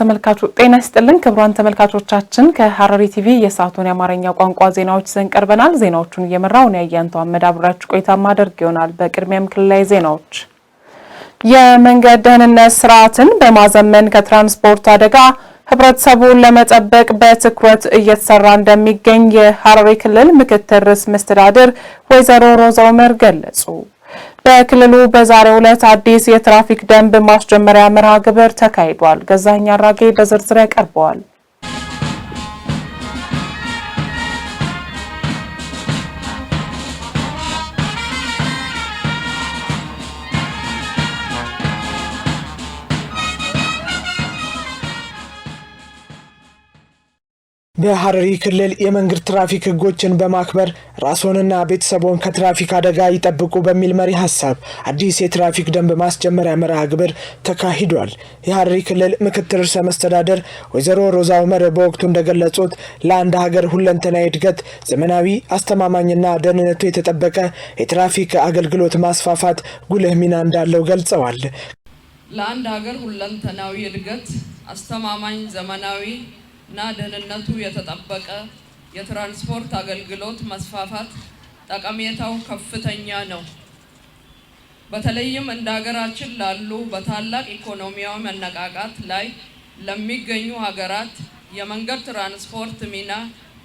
ተመልካቾ ጤና ይስጥልን። ክቡራን ተመልካቾቻችን ከሐረሪ ቲቪ የሰዓቱን የአማርኛ ቋንቋ ዜናዎች ይዘን ቀርበናል። ዜናዎቹን እየመራው ነው ያያንተው አመዳብራችሁ ቆይታ ማደርግ ይሆናል። በቅድሚያም ክልላዊ ዜናዎች የመንገድ ደህንነት ስርዓትን በማዘመን ከትራንስፖርት አደጋ ህብረተሰቡን ለመጠበቅ በትኩረት እየተሰራ እንደሚገኝ የሐረሪ ክልል ምክትል ርዕሰ መስተዳድር ወይዘሮ ሮዛ ኡመር ገለጹ። በክልሉ በዛሬው ዕለት አዲስ የትራፊክ ደንብ ማስጀመሪያ መርሃ ግብር ተካሂዷል። ገዛኸኝ አራጌ በዝርዝር ያቀርበዋል። በሐረሪ ክልል የመንገድ ትራፊክ ህጎችን በማክበር ራስዎንና ቤተሰቦን ከትራፊክ አደጋ ይጠብቁ በሚል መሪ ሀሳብ አዲስ የትራፊክ ደንብ ማስጀመሪያ መርሃ ግብር ተካሂዷል። የሐረሪ ክልል ምክትል ርዕሰ መስተዳደር ወይዘሮ ሮዛ ኡመር በወቅቱ እንደገለጹት ለአንድ ሀገር ሁለንተናዊ እድገት ዘመናዊ፣ አስተማማኝና ደህንነቱ የተጠበቀ የትራፊክ አገልግሎት ማስፋፋት ጉልህ ሚና እንዳለው ገልጸዋል። ለአንድ ሀገር ሁለንተናዊ እድገት አስተማማኝ ዘመናዊ እና ደህንነቱ የተጠበቀ የትራንስፖርት አገልግሎት መስፋፋት ጠቀሜታው ከፍተኛ ነው። በተለይም እንደ ሀገራችን ላሉ በታላቅ ኢኮኖሚያዊ መነቃቃት ላይ ለሚገኙ ሀገራት የመንገድ ትራንስፖርት ሚና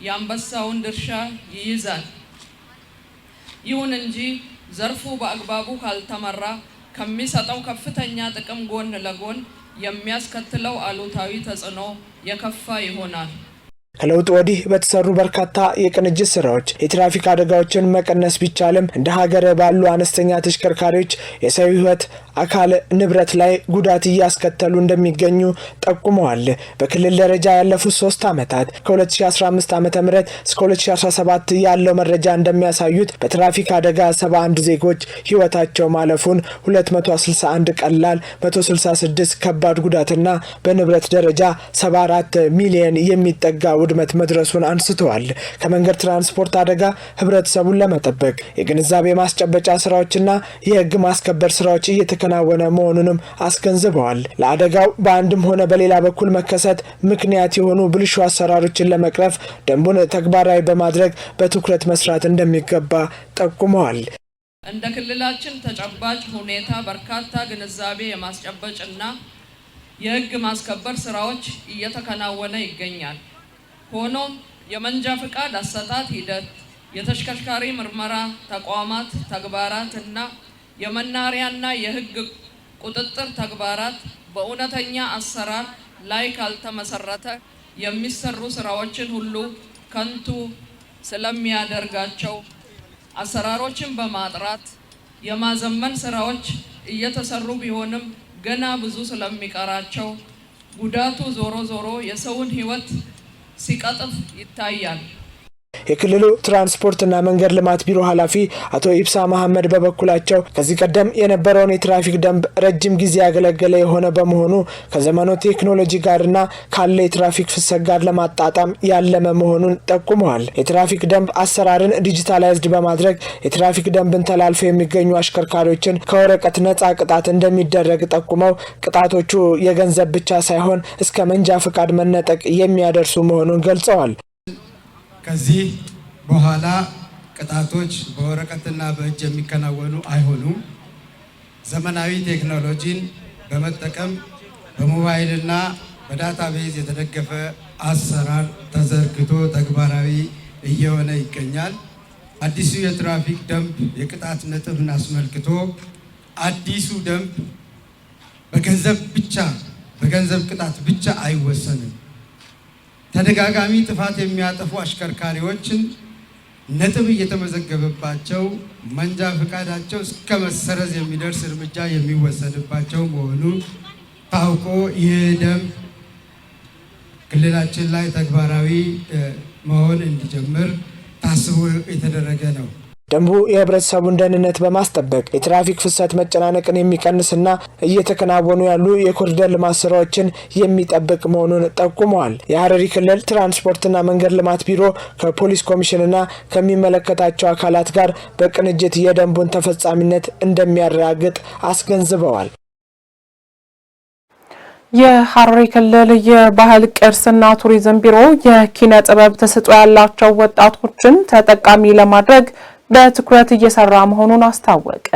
የአንበሳውን ድርሻ ይይዛል። ይሁን እንጂ ዘርፉ በአግባቡ ካልተመራ ከሚሰጠው ከፍተኛ ጥቅም ጎን ለጎን የሚያስከትለው አሉታዊ ተጽዕኖ የከፋ ይሆናል። ከለውጥ ወዲህ በተሰሩ በርካታ የቅንጅት ስራዎች የትራፊክ አደጋዎችን መቀነስ ቢቻልም እንደ ሀገር ባሉ አነስተኛ ተሽከርካሪዎች የሰው ህይወት አካል ንብረት ላይ ጉዳት እያስከተሉ እንደሚገኙ ጠቁመዋል። በክልል ደረጃ ያለፉት ሶስት ዓመታት ከ2015 ዓ ም እስከ 2017 ያለው መረጃ እንደሚያሳዩት በትራፊክ አደጋ 71 ዜጎች ህይወታቸው ማለፉን፣ 261 ቀላል፣ 166 ከባድ ጉዳትና በንብረት ደረጃ 74 ሚሊየን የሚጠጋ ውድመት መድረሱን አንስተዋል። ከመንገድ ትራንስፖርት አደጋ ህብረተሰቡን ለመጠበቅ የግንዛቤ ማስጨበጫ ስራዎችና የህግ ማስከበር ስራዎች እየተከናወነ መሆኑንም አስገንዝበዋል። ለአደጋው በአንድም ሆነ በሌላ በኩል መከሰት ምክንያት የሆኑ ብልሹ አሰራሮችን ለመቅረፍ ደንቡን ተግባራዊ በማድረግ በትኩረት መስራት እንደሚገባ ጠቁመዋል። እንደ ክልላችን ተጨባጭ ሁኔታ በርካታ ግንዛቤ የማስጨበጭና የህግ ማስከበር ስራዎች እየተከናወነ ይገኛል። ሆኖም የመንጃ ፍቃድ አሰጣጥ ሂደት፣ የተሽከርካሪ ምርመራ ተቋማት ተግባራት እና የመናሪያና የሕግ ቁጥጥር ተግባራት በእውነተኛ አሰራር ላይ ካልተመሰረተ የሚሰሩ ስራዎችን ሁሉ ከንቱ ስለሚያደርጋቸው አሰራሮችን በማጥራት የማዘመን ስራዎች እየተሰሩ ቢሆንም ገና ብዙ ስለሚቀራቸው ጉዳቱ ዞሮ ዞሮ የሰውን ህይወት ሲቀጥፍ ይታያል። የክልሉ ትራንስፖርትና መንገድ ልማት ቢሮ ኃላፊ አቶ ኢብሳ መሐመድ በበኩላቸው ከዚህ ቀደም የነበረውን የትራፊክ ደንብ ረጅም ጊዜ ያገለገለ የሆነ በመሆኑ ከዘመኑ ቴክኖሎጂ ጋርና ካለ የትራፊክ ፍሰት ጋር ለማጣጣም ያለመ መሆኑን ጠቁመዋል። የትራፊክ ደንብ አሰራርን ዲጂታላይዝድ በማድረግ የትራፊክ ደንብን ተላልፈው የሚገኙ አሽከርካሪዎችን ከወረቀት ነጻ ቅጣት እንደሚደረግ ጠቁመው ቅጣቶቹ የገንዘብ ብቻ ሳይሆን እስከ መንጃ ፈቃድ መነጠቅ የሚያደርሱ መሆኑን ገልጸዋል። ከዚህ በኋላ ቅጣቶች በወረቀትና በእጅ የሚከናወኑ አይሆኑም። ዘመናዊ ቴክኖሎጂን በመጠቀም በሞባይልና በዳታቤዝ የተደገፈ አሰራር ተዘርግቶ ተግባራዊ እየሆነ ይገኛል። አዲሱ የትራፊክ ደንብ የቅጣት ነጥብን አስመልክቶ አዲሱ ደንብ በገንዘብ ብቻ በገንዘብ ቅጣት ብቻ አይወሰንም። ተደጋጋሚ ጥፋት የሚያጠፉ አሽከርካሪዎችን ነጥብ እየተመዘገበባቸው መንጃ ፈቃዳቸው እስከ መሰረዝ የሚደርስ እርምጃ የሚወሰድባቸው መሆኑ ታውቆ ይህ ደንብ ክልላችን ላይ ተግባራዊ መሆን እንዲጀምር ታስቦ የተደረገ ነው። ደንቡ የህብረተሰቡን ደህንነት በማስጠበቅ የትራፊክ ፍሰት መጨናነቅን የሚቀንስና እየተከናወኑ ያሉ የኮሪደር ልማት ስራዎችን የሚጠብቅ መሆኑን ጠቁመዋል። የሀረሪ ክልል ትራንስፖርትና መንገድ ልማት ቢሮ ከፖሊስ ኮሚሽንና ከሚመለከታቸው አካላት ጋር በቅንጅት የደንቡን ተፈጻሚነት እንደሚያረጋግጥ አስገንዝበዋል። የሀረሪ ክልል የባህል ቅርስና ቱሪዝም ቢሮ የኪነ ጥበብ ተሰጥኦ ያላቸው ወጣቶችን ተጠቃሚ ለማድረግ በትኩረት እየሰራ መሆኑን አስታወቀ።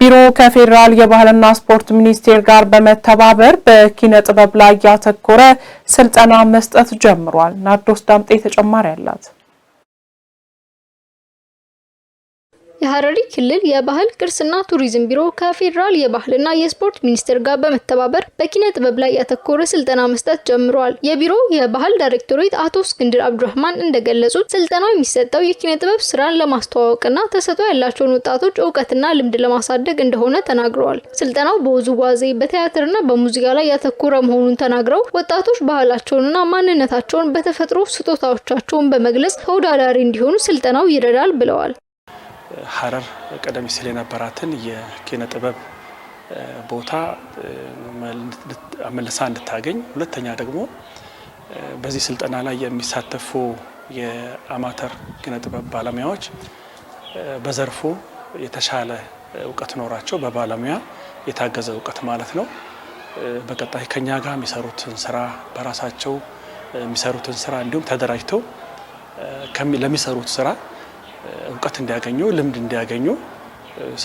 ቢሮ ከፌዴራል የባህልና ስፖርት ሚኒስቴር ጋር በመተባበር በኪነ ጥበብ ላይ ያተኮረ ስልጠና መስጠት ጀምሯል። ናርዶስ ዳምጤ ተጨማሪ አላት። የሐረሪ ክልል የባህል ቅርስና ቱሪዝም ቢሮ ከፌዴራል የባህልና የስፖርት ሚኒስቴር ጋር በመተባበር በኪነ ጥበብ ላይ ያተኮረ ስልጠና መስጠት ጀምሯል። የቢሮው የባህል ዳይሬክቶሬት አቶ እስክንድር አብዱራህማን እንደገለጹት ስልጠናው የሚሰጠው የኪነ ጥበብ ስራን ለማስተዋወቅና ተሰጥኦ ያላቸውን ወጣቶች እውቀትና ልምድ ለማሳደግ እንደሆነ ተናግረዋል። ስልጠናው በውዝዋዜ በቲያትርና በሙዚቃ ላይ ያተኮረ መሆኑን ተናግረው ወጣቶች ባህላቸውንና ማንነታቸውን በተፈጥሮ ስጦታዎቻቸውን በመግለጽ ተወዳዳሪ እንዲሆኑ ስልጠናው ይረዳል ብለዋል። ሀረር ቀደም ሲል የነበራትን የኪነ ጥበብ ቦታ መልሳ እንድታገኝ፣ ሁለተኛ ደግሞ በዚህ ስልጠና ላይ የሚሳተፉ የአማተር ኪነ ጥበብ ባለሙያዎች በዘርፉ የተሻለ እውቀት ኖራቸው በባለሙያ የታገዘ እውቀት ማለት ነው። በቀጣይ ከኛ ጋር የሚሰሩትን ስራ በራሳቸው የሚሰሩትን ስራ እንዲሁም ተደራጅተው ለሚሰሩት ስራ እውቀት እንዲያገኙ ልምድ እንዲያገኙ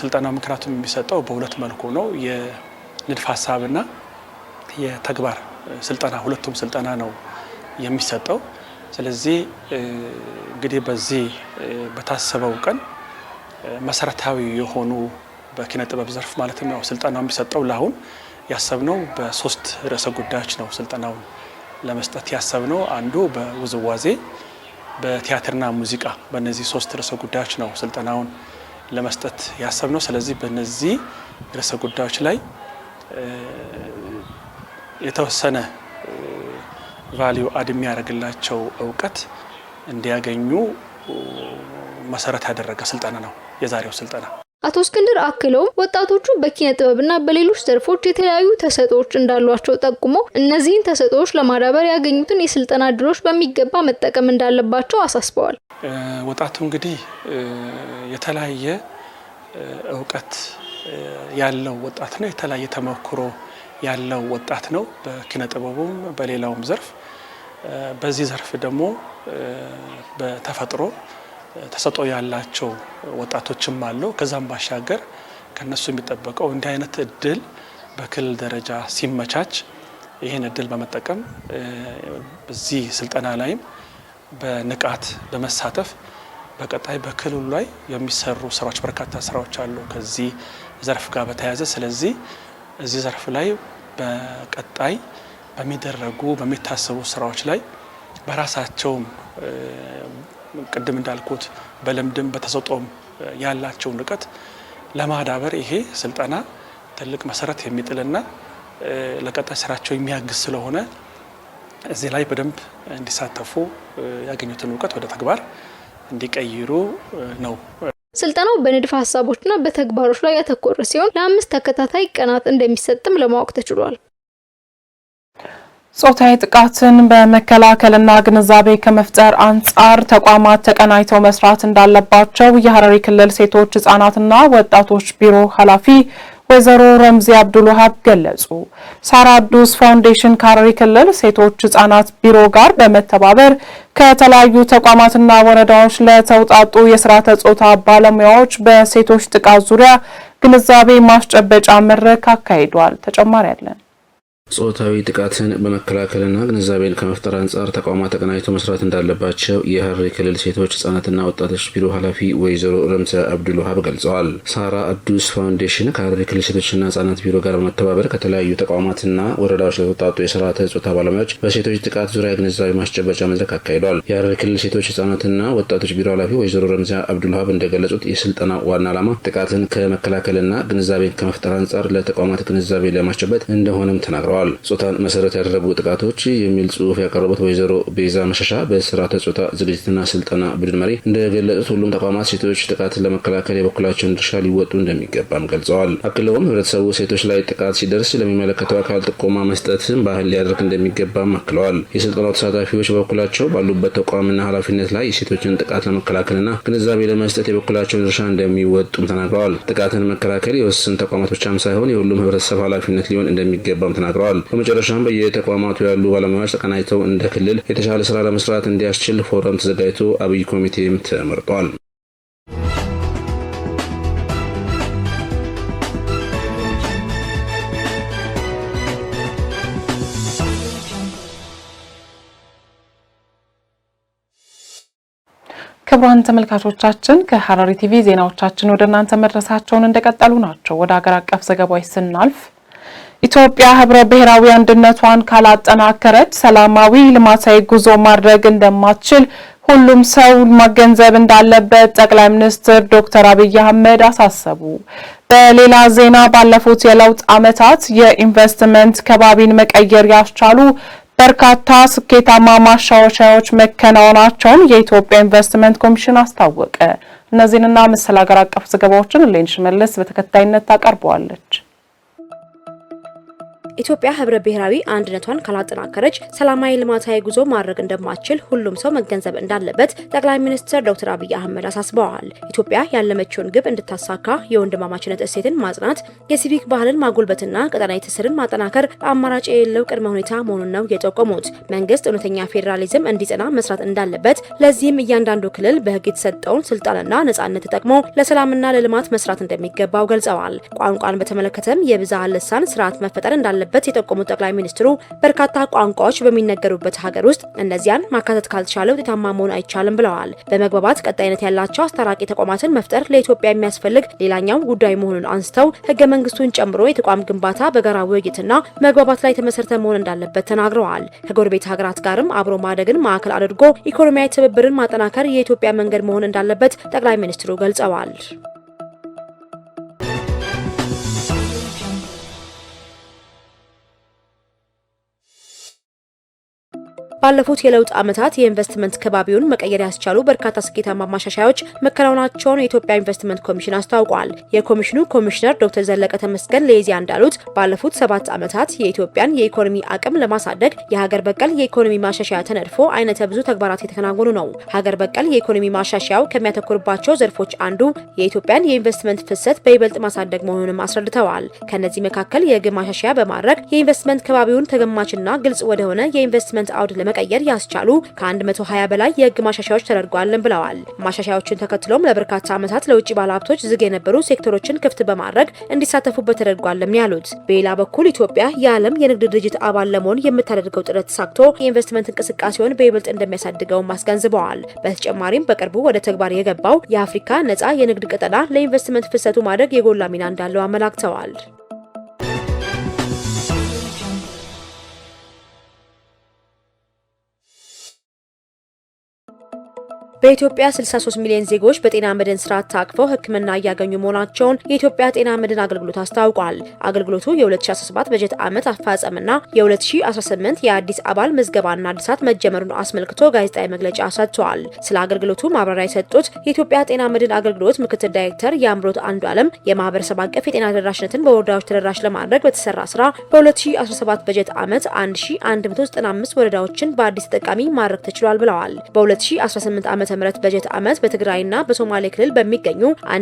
ስልጠናው ምክንያቱም የሚሰጠው በሁለት መልኩ ነው። የንድፍ ሀሳብና የተግባር ስልጠና ሁለቱም ስልጠና ነው የሚሰጠው። ስለዚህ እንግዲህ በዚህ በታሰበው ቀን መሰረታዊ የሆኑ በኪነ ጥበብ ዘርፍ ማለትም ያው ስልጠናው የሚሰጠው ለአሁን ያሰብነው በሶስት ርዕሰ ጉዳዮች ነው። ስልጠናውን ለመስጠት ያሰብነው አንዱ በውዝዋዜ በቲያትርና ሙዚቃ በእነዚህ ሶስት ርዕሰ ጉዳዮች ነው ስልጠናውን ለመስጠት ያሰብ ነው። ስለዚህ በእነዚህ ርዕሰ ጉዳዮች ላይ የተወሰነ ቫሊዩ አድ የሚያደርግላቸው እውቀት እንዲያገኙ መሰረት ያደረገ ስልጠና ነው የዛሬው ስልጠና። አቶ እስክንድር አክለውም ወጣቶቹ በኪነ ጥበብና በሌሎች ዘርፎች የተለያዩ ተሰጦዎች እንዳሏቸው ጠቁሞ እነዚህን ተሰጦዎች ለማዳበር ያገኙትን የስልጠና እድሎች በሚገባ መጠቀም እንዳለባቸው አሳስበዋል። ወጣቱ እንግዲህ የተለያየ እውቀት ያለው ወጣት ነው። የተለያየ ተመክሮ ያለው ወጣት ነው፣ በኪነ ጥበቡም በሌላውም ዘርፍ። በዚህ ዘርፍ ደግሞ በተፈጥሮ ተሰጥኦ ያላቸው ወጣቶችም አሉ። ከዛም ባሻገር ከነሱ የሚጠበቀው እንዲህ አይነት እድል በክልል ደረጃ ሲመቻች ይህን እድል በመጠቀም በዚህ ስልጠና ላይም በንቃት በመሳተፍ በቀጣይ በክልሉ ላይ የሚሰሩ ስራዎች በርካታ ስራዎች አሉ ከዚህ ዘርፍ ጋር በተያያዘ ስለዚህ እዚህ ዘርፍ ላይ በቀጣይ በሚደረጉ በሚታሰቡ ስራዎች ላይ በራሳቸውም ቅድም እንዳልኩት በልምድም በተሰጦም ያላቸውን እውቀት ለማዳበር ይሄ ስልጠና ትልቅ መሰረት የሚጥልና ለቀጣይ ስራቸው የሚያግዝ ስለሆነ እዚህ ላይ በደንብ እንዲሳተፉ ያገኙትን እውቀት ወደ ተግባር እንዲቀይሩ ነው። ስልጠናው በንድፈ ሀሳቦችና በተግባሮች ላይ ያተኮረ ሲሆን ለአምስት ተከታታይ ቀናት እንደሚሰጥም ለማወቅ ተችሏል። ጾታዊ ጥቃትን በመከላከልና ግንዛቤ ከመፍጠር አንጻር ተቋማት ተቀናይተው መስራት እንዳለባቸው የሐረሪ ክልል ሴቶች ህጻናትና ወጣቶች ቢሮ ኃላፊ ወይዘሮ ረምዚ አብዱልዋሃብ ገለጹ። ሳራ አዱስ ፋውንዴሽን ከሐረሪ ክልል ሴቶች ህጻናት ቢሮ ጋር በመተባበር ከተለያዩ ተቋማትና ወረዳዎች ለተውጣጡ የስርዓተ ጾታ ባለሙያዎች በሴቶች ጥቃት ዙሪያ ግንዛቤ ማስጨበጫ መድረክ አካሂዷል። ተጨማሪ አለን ጾታዊ ጥቃትን በመከላከልና ግንዛቤን ከመፍጠር አንጻር ተቋማት ተቀናጅቶ መስራት እንዳለባቸው የሀረሪ ክልል ሴቶች ህጻናትና ወጣቶች ቢሮ ኃላፊ ወይዘሮ ረምሰ አብዱልውሃብ ገልጸዋል። ሳራ አዱስ ፋውንዴሽን ከሀረሪ ክልል ሴቶችና ህጻናት ቢሮ ጋር በመተባበር ከተለያዩ ተቋማትና ወረዳዎች ለተወጣጡ የስርዓተ ጾታ ባለሙያዎች በሴቶች ጥቃት ዙሪያ ግንዛቤ ማስጨበጫ መድረክ አካሂዷል። የሀረሪ ክልል ሴቶች ህጻናትና ወጣቶች ቢሮ ኃላፊ ወይዘሮ ረምዛ አብዱልውሃብ እንደገለጹት የስልጠና ዋና ዓላማ ጥቃትን ከመከላከልና ግንዛቤን ከመፍጠር አንጻር ለተቋማት ግንዛቤ ለማስጨበጥ እንደሆነም ተናግረዋል። ተናግረዋል። ጾታን መሰረት ያደረጉ ጥቃቶች የሚል ጽሁፍ ያቀረቡት ወይዘሮ ቤዛ መሸሻ በስርዓተ ጾታ ዝግጅትና ስልጠና ቡድን መሪ እንደገለጹት ሁሉም ተቋማት ሴቶች ጥቃትን ለመከላከል የበኩላቸውን ድርሻ ሊወጡ እንደሚገባም ገልጸዋል። አክለውም ህብረተሰቡ ሴቶች ላይ ጥቃት ሲደርስ ለሚመለከተው አካል ጥቆማ መስጠትን ባህል ሊያደርግ እንደሚገባም አክለዋል። የስልጠናው ተሳታፊዎች በበኩላቸው ባሉበት ተቋምና ኃላፊነት ላይ የሴቶችን ጥቃት ለመከላከልና ግንዛቤ ለመስጠት የበኩላቸውን ድርሻ እንደሚወጡም ተናግረዋል። ጥቃትን መከላከል የወስን ተቋማት ብቻም ሳይሆን የሁሉም ህብረተሰብ ኃላፊነት ሊሆን እንደሚገባም ተናግረዋል። ተናግረዋል። በመጨረሻም በየተቋማቱ ያሉ ባለሙያዎች ተቀናጅተው እንደ ክልል የተሻለ ስራ ለመስራት እንዲያስችል ፎረም ተዘጋጅቶ አብይ ኮሚቴም ተመርጧል። ክቡራን ተመልካቾቻችን ከሐረሪ ቲቪ ዜናዎቻችን ወደ እናንተ መድረሳቸውን እንደቀጠሉ ናቸው። ወደ ሀገር አቀፍ ዘገባዎች ስናልፍ ኢትዮጵያ ህብረ ብሔራዊ አንድነቷን ካላጠናከረች ሰላማዊ ልማታዊ ጉዞ ማድረግ እንደማትችል ሁሉም ሰው መገንዘብ እንዳለበት ጠቅላይ ሚኒስትር ዶክተር አብይ አህመድ አሳሰቡ። በሌላ ዜና ባለፉት የለውጥ ዓመታት የኢንቨስትመንት ከባቢን መቀየር ያስቻሉ በርካታ ስኬታማ ማሻሻያዎች መከናወናቸውን የኢትዮጵያ ኢንቨስትመንት ኮሚሽን አስታወቀ። እነዚህንና መሰል ሀገር አቀፍ ዘገባዎችን ሌንሽ መለስ በተከታይነት ታቀርበዋለች። ኢትዮጵያ ህብረ ብሔራዊ አንድነቷን ካላጠናከረች ሰላማዊ ልማታዊ ጉዞ ማድረግ እንደማትችል ሁሉም ሰው መገንዘብ እንዳለበት ጠቅላይ ሚኒስትር ዶክተር አብይ አህመድ አሳስበዋል። ኢትዮጵያ ያለመችውን ግብ እንድታሳካ የወንድማማችነት እሴትን ማጽናት፣ የሲቪክ ባህልን ማጎልበትና ቀጠናዊ ትስስርን ማጠናከር በአማራጭ የሌለው ቅድመ ሁኔታ መሆኑን ነው የጠቆሙት። መንግስት እውነተኛ ፌዴራሊዝም እንዲጸና መስራት እንዳለበት፣ ለዚህም እያንዳንዱ ክልል በህግ የተሰጠውን ስልጣንና ነጻነት ተጠቅሞ ለሰላምና ለልማት መስራት እንደሚገባው ገልጸዋል። ቋንቋን በተመለከተም የብዝሃ ልሳን ስርዓት መፈጠር እንዳለ እንዳለበት የጠቆሙት ጠቅላይ ሚኒስትሩ በርካታ ቋንቋዎች በሚነገሩበት ሀገር ውስጥ እነዚያን ማካተት ካልተቻለ ውጤታማ መሆን አይቻልም ብለዋል። በመግባባት ቀጣይነት ያላቸው አስታራቂ ተቋማትን መፍጠር ለኢትዮጵያ የሚያስፈልግ ሌላኛው ጉዳይ መሆኑን አንስተው ህገ መንግስቱን ጨምሮ የተቋም ግንባታ በጋራ ውይይትና መግባባት ላይ ተመሰርተ መሆን እንዳለበት ተናግረዋል። ከጎረቤት ሀገራት ጋርም አብሮ ማደግን ማዕከል አድርጎ ኢኮኖሚያዊ ትብብርን ማጠናከር የኢትዮጵያ መንገድ መሆን እንዳለበት ጠቅላይ ሚኒስትሩ ገልጸዋል። ባለፉት የለውጥ ዓመታት የኢንቨስትመንት ከባቢውን መቀየር ያስቻሉ በርካታ ስኬታማ ማሻሻያዎች መከናወናቸውን የኢትዮጵያ ኢንቨስትመንት ኮሚሽን አስታውቋል። የኮሚሽኑ ኮሚሽነር ዶክተር ዘለቀ ተመስገን ለኢዜአ እንዳሉት ባለፉት ሰባት ዓመታት የኢትዮጵያን የኢኮኖሚ አቅም ለማሳደግ የሀገር በቀል የኢኮኖሚ ማሻሻያ ተነድፎ አይነተ ብዙ ተግባራት የተከናወኑ ነው። ሀገር በቀል የኢኮኖሚ ማሻሻያው ከሚያተኩርባቸው ዘርፎች አንዱ የኢትዮጵያን የኢንቨስትመንት ፍሰት በይበልጥ ማሳደግ መሆኑንም አስረድተዋል። ከእነዚህ መካከል የሕግ ማሻሻያ በማድረግ የኢንቨስትመንት ከባቢውን ተገማችና ግልጽ ወደሆነ የኢንቨስትመንት አውድ ለመ ለመቀየር ያስቻሉ ከ120 በላይ የህግ ማሻሻያዎች ተደርጓልን ብለዋል። ማሻሻያዎችን ተከትሎም ለበርካታ ዓመታት ለውጭ ባለሀብቶች ዝግ የነበሩ ሴክተሮችን ክፍት በማድረግ እንዲሳተፉበት ተደርጓልም ያሉት። በሌላ በኩል ኢትዮጵያ የዓለም የንግድ ድርጅት አባል ለመሆን የምታደርገው ጥረት ተሳክቶ የኢንቨስትመንት እንቅስቃሴውን በይበልጥ እንደሚያሳድገውም አስገንዝበዋል። በተጨማሪም በቅርቡ ወደ ተግባር የገባው የአፍሪካ ነጻ የንግድ ቀጠና ለኢንቨስትመንት ፍሰቱ ማድረግ የጎላ ሚና እንዳለው አመላክተዋል። በኢትዮጵያ 63 ሚሊዮን ዜጎች በጤና መድን ስርዓት ታቅፈው ሕክምና እያገኙ መሆናቸውን የኢትዮጵያ ጤና መድን አገልግሎት አስታውቋል። አገልግሎቱ የ2017 በጀት ዓመት አፋጸምና የ2018 የአዲስ አባል ምዝገባና አዲሳት መጀመሩን አስመልክቶ ጋዜጣዊ መግለጫ ሰጥተዋል። ስለ አገልግሎቱ ማብራሪያ የሰጡት የኢትዮጵያ ጤና መድን አገልግሎት ምክትል ዳይሬክተር የአምሮት አንዱ ዓለም የማህበረሰብ አቀፍ የጤና ተደራሽነትን በወረዳዎች ተደራሽ ለማድረግ በተሰራ ስራ በ2017 በጀት ዓመት 1195 ወረዳዎችን በአዲስ ተጠቃሚ ማድረግ ተችሏል ብለዋል። በ2018 ዓመት ዓ.ም በጀት ዓመት በትግራይና በሶማሌ ክልል በሚገኙ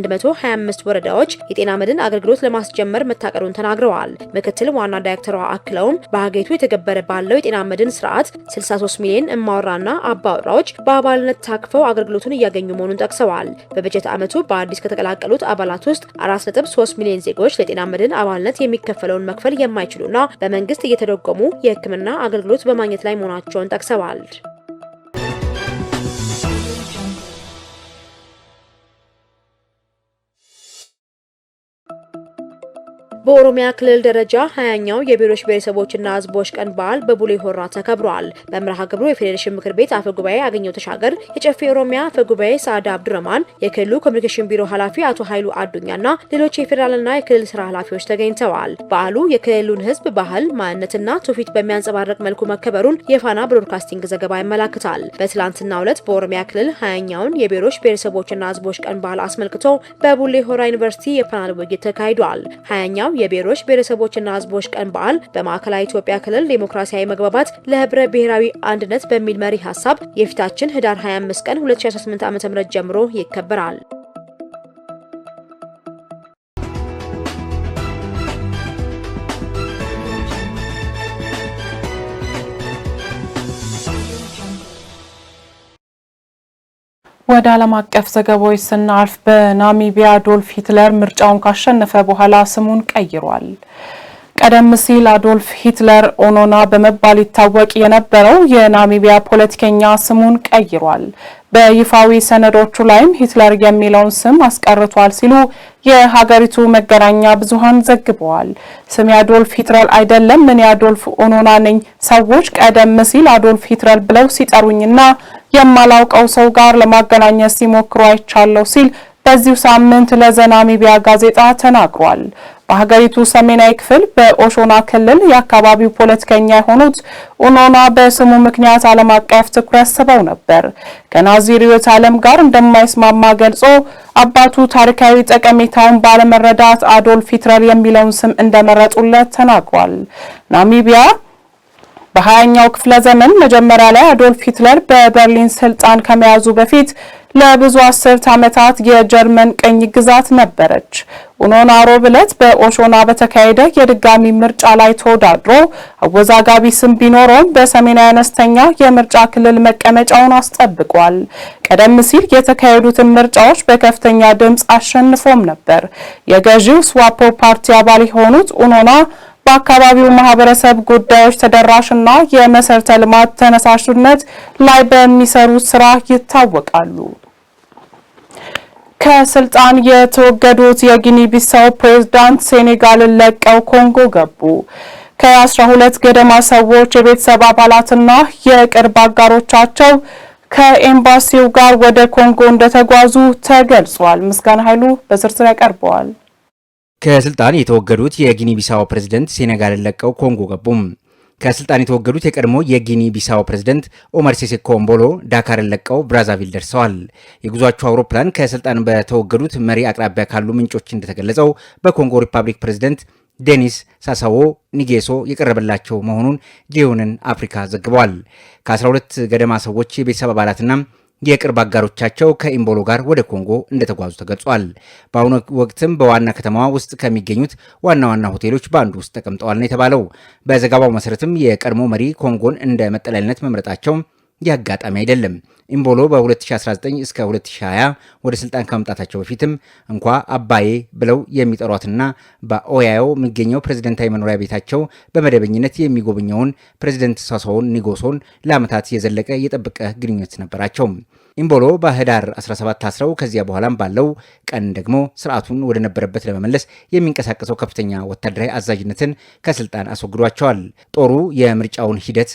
125 ወረዳዎች የጤና መድን አገልግሎት ለማስጀመር መታቀዱን ተናግረዋል። ምክትል ዋና ዳይሬክተሯ አክለውም በሀገሪቱ የተገበረ ባለው የጤና መድን ስርዓት 63 ሚሊዮን እማወራና አባወራዎች በአባልነት ታክፈው አገልግሎቱን እያገኙ መሆኑን ጠቅሰዋል። በበጀት ዓመቱ በአዲስ ከተቀላቀሉት አባላት ውስጥ 4.3 ሚሊዮን ዜጎች ለጤና መድን አባልነት የሚከፈለውን መክፈል የማይችሉና በመንግስት እየተደጎሙ የሕክምና አገልግሎት በማግኘት ላይ መሆናቸውን ጠቅሰዋል። በኦሮሚያ ክልል ደረጃ ሀያኛው የብሔሮች ብሔረሰቦችና ህዝቦች ቀን በዓል በቡሌ ሆራ ተከብሯል። በመርሃ ግብሩ የፌዴሬሽን ምክር ቤት አፈ ጉባኤ አገኘው ተሻገር፣ የጨፌ ኦሮሚያ አፈ ጉባኤ ሳዕዳ አብዱረማን፣ የክልሉ ኮሚኒኬሽን ቢሮ ኃላፊ አቶ ኃይሉ አዱኛና ሌሎች የፌዴራልና የክልል ስራ ኃላፊዎች ተገኝተዋል። በዓሉ የክልሉን ህዝብ ባህል፣ ማንነትና ትውፊት በሚያንጸባርቅ መልኩ መከበሩን የፋና ብሮድካስቲንግ ዘገባ ያመላክታል። በትላንትናው ዕለት በኦሮሚያ ክልል ሀያኛውን የብሔሮች ብሔረሰቦችና ህዝቦች ቀን በዓል አስመልክቶ በቡሌ ሆራ ዩኒቨርሲቲ የፓናል ውይይት ተካሂዷል። ሀያኛው በመሆኗም የብሔሮች ብሔረሰቦችና ህዝቦች ቀን በዓል በማዕከላዊ ኢትዮጵያ ክልል ዴሞክራሲያዊ መግባባት ለህብረ ብሔራዊ አንድነት በሚል መሪ ሀሳብ የፊታችን ህዳር 25 ቀን 2018 ዓ.ም ጀምሮ ይከበራል። ወደ ዓለም አቀፍ ዘገባዎች ስናልፍ በናሚቢያ አዶልፍ ሂትለር ምርጫውን ካሸነፈ በኋላ ስሙን ቀይሯል። ቀደም ሲል አዶልፍ ሂትለር ኦኖና በመባል ይታወቅ የነበረው የናሚቢያ ፖለቲከኛ ስሙን ቀይሯል። በይፋዊ ሰነዶቹ ላይም ሂትለር የሚለውን ስም አስቀርቷል ሲሉ የሀገሪቱ መገናኛ ብዙሃን ዘግበዋል። ስሜ አዶልፍ ሂትለር አይደለም፣ እኔ አዶልፍ ኦኖና ነኝ። ሰዎች ቀደም ሲል አዶልፍ ሂትለር ብለው ሲጠሩኝና የማላውቀው ሰው ጋር ለማገናኘት ሲሞክሩ አይቻለሁ ሲል በዚሁ ሳምንት ለዘናሚቢያ ጋዜጣ ተናግሯል። በሀገሪቱ ሰሜናዊ ክፍል በኦሾና ክልል የአካባቢው ፖለቲከኛ የሆኑት ኡኖና በስሙ ምክንያት ዓለም አቀፍ ትኩረት ስበው ነበር። ከናዚ ርዕዮተ ዓለም ጋር እንደማይስማማ ገልጾ አባቱ ታሪካዊ ጠቀሜታውን ባለመረዳት አዶልፍ ሂትለር የሚለውን ስም እንደመረጡለት ተናግሯል። ናሚቢያ በሀያኛው ክፍለ ዘመን መጀመሪያ ላይ አዶልፍ ሂትለር በበርሊን ስልጣን ከመያዙ በፊት ለብዙ አስርት ዓመታት የጀርመን ቅኝ ግዛት ነበረች። ሆኖም አርብ ዕለት በኦሾና በተካሄደ የድጋሚ ምርጫ ላይ ተወዳድሮ አወዛጋቢ ስም ቢኖረውም በሰሜናዊ አነስተኛ የምርጫ ክልል መቀመጫውን አስጠብቋል። ቀደም ሲል የተካሄዱትን ምርጫዎች በከፍተኛ ድምፅ አሸንፎም ነበር። የገዢው ስዋፖ ፓርቲ አባል የሆኑት ኡኖና በአካባቢው ማህበረሰብ ጉዳዮች ተደራሽና የመሰረተ ልማት ተነሳሽነት ላይ በሚሰሩት ስራ ይታወቃሉ። ከስልጣን የተወገዱት የጊኒ ቢሳው ፕሬዝዳንት ሴኔጋልን ለቀው ኮንጎ ገቡ። ከአስራ ሁለት ገደማ ሰዎች የቤተሰብ አባላትና የቅርብ አጋሮቻቸው ከኤምባሲው ጋር ወደ ኮንጎ እንደተጓዙ ተገልጿል። ምስጋና ኃይሉ በዝርዝር ያቀርበዋል። ከስልጣን የተወገዱት የጊኒ ቢሳው ፕሬዝደንት ሴኔጋልን ለቀው ኮንጎ ገቡም። ከስልጣን የተወገዱት የቀድሞ የጊኒ ቢሳው ፕሬዝደንት ኦመር ሴሴ ኮምቦሎ ዳካርን ለቀው ብራዛቪል ደርሰዋል። የጉዟቸው አውሮፕላን ከስልጣን በተወገዱት መሪ አቅራቢያ ካሉ ምንጮች እንደተገለጸው በኮንጎ ሪፐብሊክ ፕሬዝደንት ዴኒስ ሳሳዎ ኒጌሶ የቀረበላቸው መሆኑን ጂዮንን አፍሪካ ዘግቧል። ከ12 ገደማ ሰዎች የቤተሰብ አባላትና የቅርብ አጋሮቻቸው ከኢምቦሎ ጋር ወደ ኮንጎ እንደተጓዙ ተገልጿል። በአሁኑ ወቅትም በዋና ከተማዋ ውስጥ ከሚገኙት ዋና ዋና ሆቴሎች በአንዱ ውስጥ ተቀምጠዋል ነው የተባለው። በዘገባው መሰረትም የቀድሞ መሪ ኮንጎን እንደ መጠለያነት መምረጣቸው ያጋጣሚ አይደለም። ኢምቦሎ በ2019 እስከ 2020 ወደ ስልጣን ከመምጣታቸው በፊትም እንኳ አባዬ ብለው የሚጠሯትና በኦያዮ የሚገኘው ፕሬዝደንታዊ መኖሪያ ቤታቸው በመደበኝነት የሚጎበኘውን ፕሬዝደንት ሳሶን ኒጎሶን ለዓመታት የዘለቀ የጠበቀ ግንኙነት ነበራቸው። ኢምቦሎ በህዳር 17 ታስረው ከዚያ በኋላም ባለው ቀን ደግሞ ስርዓቱን ወደነበረበት ለመመለስ የሚንቀሳቀሰው ከፍተኛ ወታደራዊ አዛዥነትን ከስልጣን አስወግዷቸዋል። ጦሩ የምርጫውን ሂደት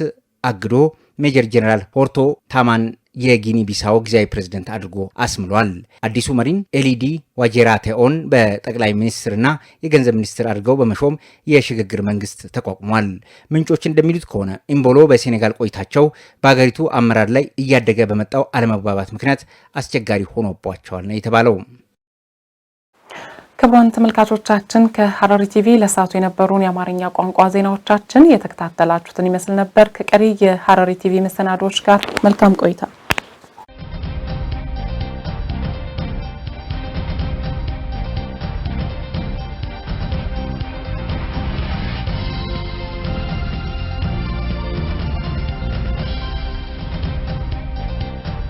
አግዶ ሜጀር ጀነራል ፖርቶ ታማን የጊኒ ቢሳው ጊዜያዊ ፕሬዝደንት አድርጎ አስምሏል። አዲሱ መሪን ኤሊዲ ዋጄራቴኦን በጠቅላይ ሚኒስትርና የገንዘብ ሚኒስትር አድርገው በመሾም የሽግግር መንግስት ተቋቁሟል። ምንጮች እንደሚሉት ከሆነ ኢምቦሎ በሴኔጋል ቆይታቸው በሀገሪቱ አመራር ላይ እያደገ በመጣው አለመግባባት ምክንያት አስቸጋሪ ሆኖባቸዋል ነው የተባለው። ክቡራን ተመልካቾቻችን ከሐረሪ ቲቪ ለሰዓቱ የነበሩን የአማርኛ ቋንቋ ዜናዎቻችን የተከታተላችሁትን ይመስል ነበር። ከቀሪ የሐረሪ ቲቪ መሰናዶዎች ጋር መልካም ቆይታ